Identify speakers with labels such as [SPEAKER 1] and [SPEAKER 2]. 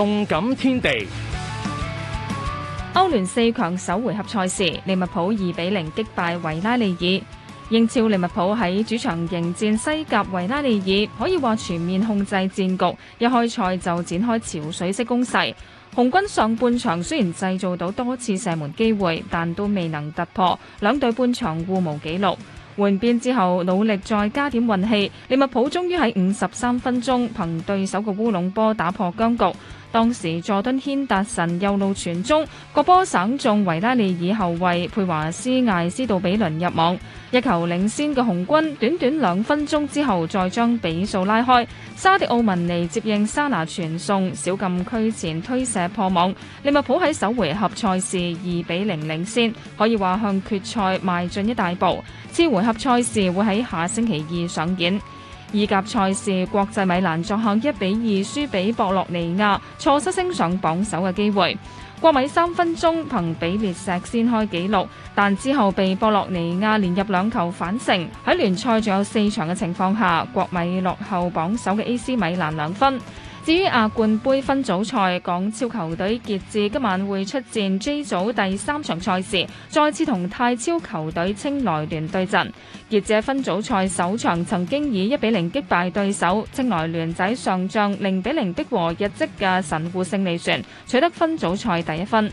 [SPEAKER 1] 動感天地。歐聯四強首回合賽事，利物浦二比零擊敗維拉利爾。英超利物浦喺主場迎戰西甲維拉利爾，可以話全面控制戰局。一開賽就展開潮水式攻勢，紅軍上半場雖然製造到多次射門機會，但都未能突破。兩隊半場互無紀錄。換邊之後，努力再加點運氣，利物浦終於喺五十三分鐘憑對手嘅烏龍波打破僵局。當時佐敦軒達臣右路傳中，國波省中維拉利爾後衞佩華斯艾斯度比倫入網，一球領先嘅紅軍短短兩分鐘之後再將比數拉開。沙迪奧文尼接應沙拿傳送，小禁區前推射破網。利物浦喺首回合賽事二比零領先，可以話向決賽邁進一大步。次回合賽事會喺下星期二上演。意甲賽事，國際米蘭作客一比二輸俾博洛尼亞，錯失升上榜首嘅機會。國米三分鐘憑比列石先開紀錄，但之後被博洛尼亞連入兩球反勝。喺聯賽仲有四場嘅情況下，國米落後榜首嘅 AC 米蘭兩分。至於亞冠杯分組賽，港超球隊傑志今晚會出戰 G 組第三場賽事，再次同泰超球隊青來聯對陣。傑志喺分組賽首場曾經以一比零擊敗對手青來聯仔，上仗零比零逼和日職嘅神戶勝利船，取得分組賽第一分。